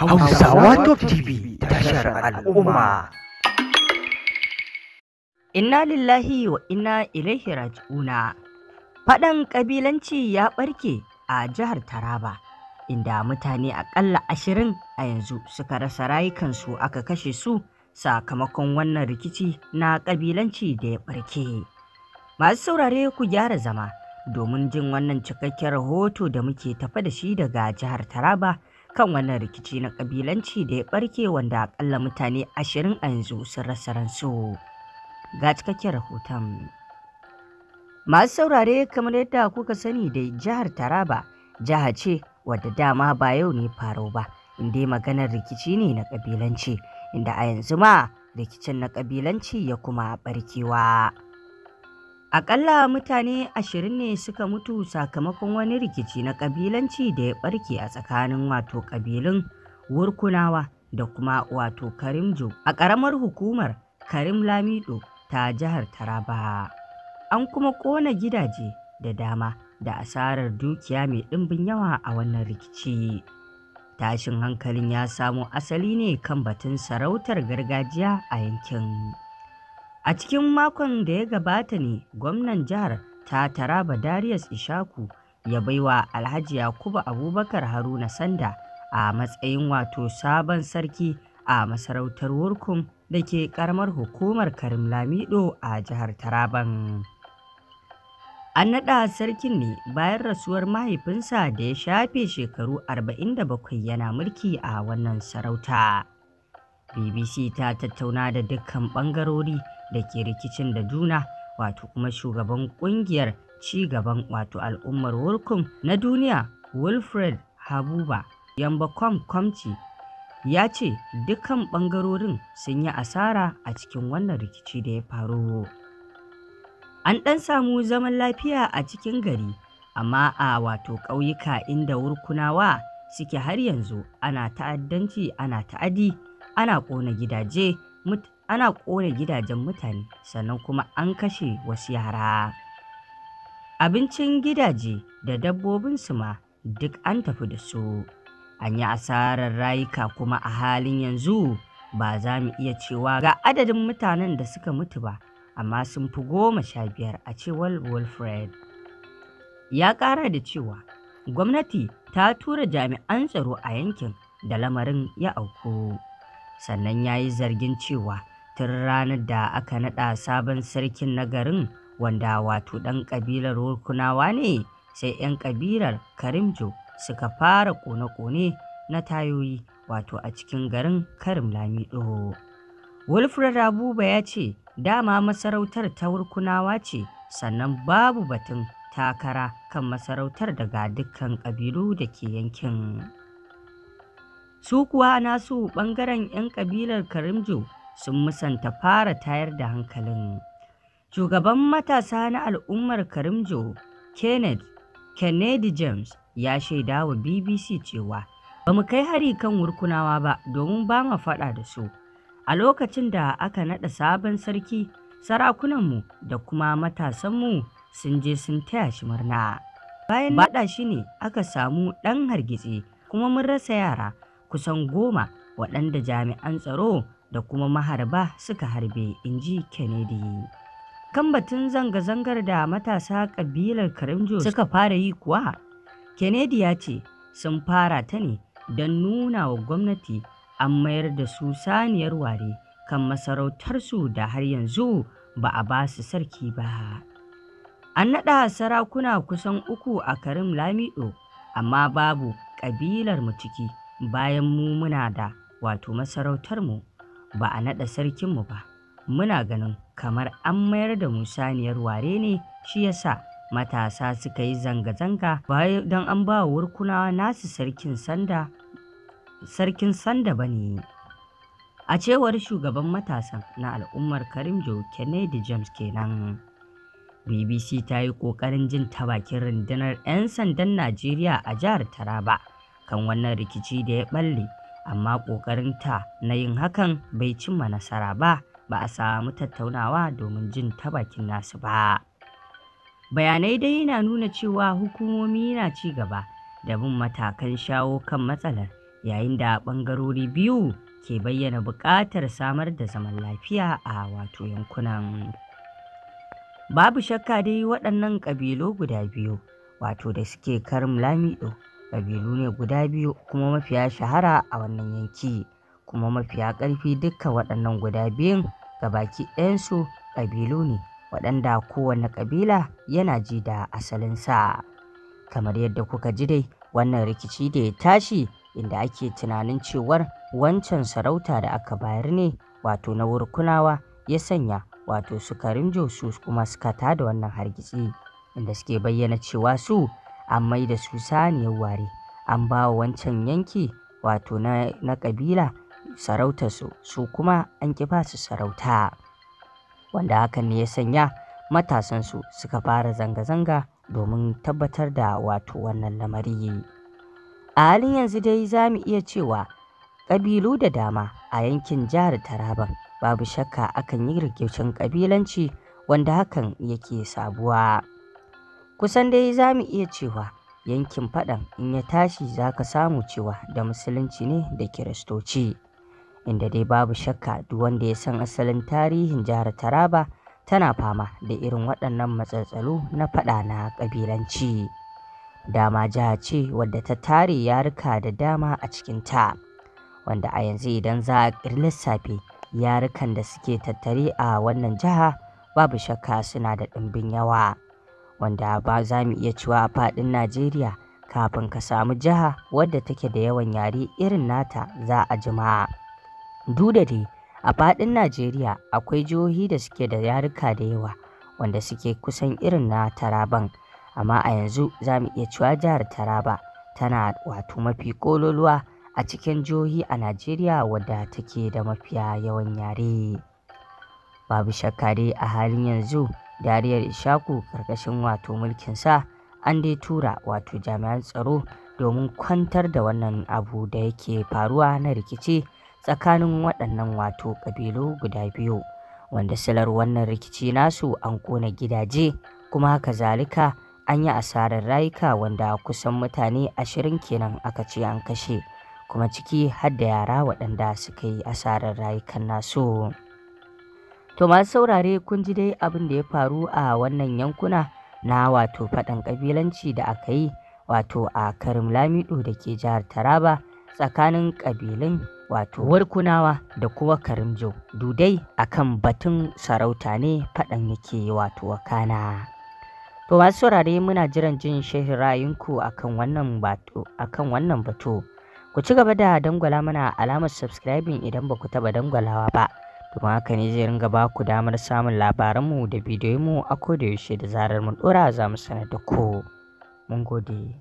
Hausawa Top TV tashar al'umma. Inna lillahi wa inna ilaihi raji'una. Faɗan ƙabilanci ya ɓarke a jihar Taraba, inda mutane aƙalla ashirin a yanzu suka rasa rayukansu aka kashe su sakamakon wannan rikici na ƙabilanci da ya ɓarke. Masu saurare ku gyara zama domin jin wannan cikakken rahoto da muke tafa da shi daga jihar Taraba. kan wannan rikici na kabilanci da ya barke wanda akalla mutane ashirin a yanzu sun rasa ransu ga cikakken rahoton masu saurare kamar yadda kuka sani da jihar taraba jiha ce wadda dama ba yau ne faro ba inda maganar rikici ne na kabilanci inda a yanzu ma rikicin na kabilanci ya kuma barkewa. Aƙalla mutane ashirin ne suka mutu sakamakon wani rikici na ƙabilanci da ya ɓarke a tsakanin wato ƙabilun Wurkunawa da kuma wato Karimjo a ƙaramar hukumar Karim Lamido ta jihar Taraba. An kuma ƙona gidaje da dama da asarar dukiya mai ɗimbin yawa a wannan rikici. Tashin hankalin ya samo asali ne kan batun sarautar gargajiya a yankin. A cikin makon da ya gabata ne gwamnan jihar ta Taraba Darius Ishaku ya baiwa Alhaji Yakubu Abubakar Haruna Sanda a matsayin wato sabon sarki a masarautar Wurkun da ke karamar hukumar Karim Lamido a jihar Taraban. An naɗa sarkin ne bayan rasuwar mahaifinsa da ya shafe shekaru 47 yana mulki a wannan sarauta. bbc ta tattauna da dukkan ɓangarori da ke rikicin da juna wato kuma shugaban kungiyar cigaban wato al'ummar wurkun na duniya wilfred habuba yambakwam kwamci ya ce dukkan ɓangarorin sun yi asara a cikin wannan rikici da ya faru an ɗan samu zaman lafiya a cikin gari amma a wato ƙauyuka inda wurkunawa suke har yanzu ana ta'addanci ana ta'adi ana ƙona gidaje ana ƙona gidajen mutane sannan kuma an kashe wasu yara. Abincin gidaje da dabbobinsu ma duk an tafi da su. An yi asarar rayuka kuma a halin yanzu ba za mu iya cewa ga adadin mutanen da suka mutu ba, amma sun fi goma sha biyar a cewar Wilfred. Ya ƙara da cewa gwamnati ta tura jami'an tsaro a yankin da lamarin ya auku. sannan ya yi zargin cewa tun ranar da aka naɗa sabon sarkin na garin wanda wato ɗan ƙabilar rukunawa ne sai 'yan ƙabilar karimjo suka fara kone-kone na tayoyi wato a cikin garin karim lamido wilfred abuba ya ce dama masarautar ta rukunawa ce sannan babu batun takara kan masarautar daga dukkan ƙabilu da ke yankin. Su kuwa nasu ɓangaren 'yan ƙabilar Karimjo sun musanta fara tayar da hankalin. Shugaban matasa na al'ummar Karimjo, Kenneth Kennedy James, ya shaida wa BBC cewa, Ba mu kai hari kan wurkunawa ba domin ba mu faɗa da su. A lokacin da aka naɗa sabon sarki, sarakunanmu da kuma matasanmu sun je sun taya shi murna. Bayan naɗa shi ne aka samu ɗan hargitse kuma mun rasa yara. kusan goma waɗanda jami'an tsaro da kuma maharba suka harbe inji kennedy kan batun zanga-zangar da matasa ƙabilar karimjo suka fara yi kuwa kennedy ya ce sun fara ta ne don nuna wa gwamnati an mayar da su saniyar ware kan masarautarsu da har yanzu ba a ba su sarki ba an naɗa sarakuna kusan uku a karim lamido amma babu ƙabilar mu ciki bayan mu muna da wato masarautar mu, ba a naɗa sarkinmu ba muna ganin kamar an mayar da mu saniyar ware ne shi yasa matasa suka yi zanga-zanga bayan don an ba wurkunawa nasu sarkin sanda sarkin sanda ba ne a cewar shugaban matasan na al'ummar karim joe kennedy james kenan bbc ta yi ƙoƙarin jin ta bakin rundunar 'yan sandan najeriya a jihar taraba kan wannan rikici da ya ɓalle amma ƙoƙarinta na yin hakan bai cimma nasara ba ba a samu tattaunawa domin jin ta bakin nasu ba bayanai dai yana nuna cewa hukumomi na ci gaba da bin matakan shawo kan matsalar yayin da ɓangarori biyu ke bayyana buƙatar samar da zaman lafiya a wato yankunan babu shakka dai waɗannan ƙabilu guda biyu wato da suke karim lamido ƙabilu ne guda biyu kuma mafiya shahara a wannan yanki kuma mafiya ƙarfi duka waɗannan guda biyun ga baki ɗayansu ƙabilu ne waɗanda kowane ƙabila yana ji da asalinsa kamar yadda kuka ji dai wannan rikici da ya tashi inda ake tunanin cewar wancan sarauta da aka bayar ne wato na wurkunawa ya sanya wato suka rinjo su kuma suka tada wannan hargitsi inda suke bayyana cewa su an maida su saniyar ware, an ba wa wancan yanki wato na ƙabila sarautarsu su, kuma an ƙi su sarauta, wanda hakan ne ya sanya matasansu suka fara zanga-zanga domin tabbatar da wato wannan lamari. A halin yanzu dai za mu iya cewa ƙabilu da dama a yankin jihar Taraban babu shakka akan yi rikicin ƙabilanci wanda hakan yake sabuwa. kusan dai za mu iya cewa yankin faɗan in ya tashi za ka samu cewa da musulunci ne da kiristoci inda dai babu shakka duk wanda ya san asalin tarihin jihar taraba tana fama da irin waɗannan matsatsalu na faɗa na ƙabilanci dama jiha ce wadda ta tare yaruka da dama a cikinta wanda a yanzu idan za a lissafi yarukan da suke tattare a wannan jiha babu shakka suna da ɗimbin yawa wanda ba za mu iya cewa a faɗin Najeriya kafin ka samu jiha wadda take da yawan yare irin nata za a jima'a. Duk dai a faɗin Najeriya akwai jihohi da suke da yaruka da yawa wanda suke kusan irin na Taraban amma a yanzu za mu iya cewa jihar Taraba tana wato mafi kololuwa a cikin jihohi a Najeriya wadda take da mafiya yawan yare. Babu shakka a halin yanzu dariyar ishaku karkashin wato mulkin sa an dai tura wato jami'an tsaro domin kwantar da wannan abu da yake faruwa na rikici tsakanin waɗannan wato ƙabilu guda biyu wanda salar wannan rikici nasu an kona gidaje kuma haka zalika an yi asarar rayuka wanda kusan mutane ashirin kenan aka ce an kashe kuma ciki har da yara waɗanda suka yi asarar rayukan nasu. To masu saurare kun ji dai abin da ya faru a wannan yankuna na wato faɗan ƙabilanci da aka yi wato a Karim Lamido da ke jihar Taraba tsakanin ƙabilun wato Warkunawa da kuma jo Dudai akan batun sarauta ne faɗan yake wato wakana. To masu saurare muna jiran jin shehin ra'ayinku akan wannan batu wannan batu. Ku ci gaba da dangwala mana alamar subscribing idan ba ku taɓa dangwalawa ba. Domin haka ne zai ringa ba ku damar samun labaranmu da mu a koda yaushe da zarar mun dora za mu sanar da ku. Mun gode.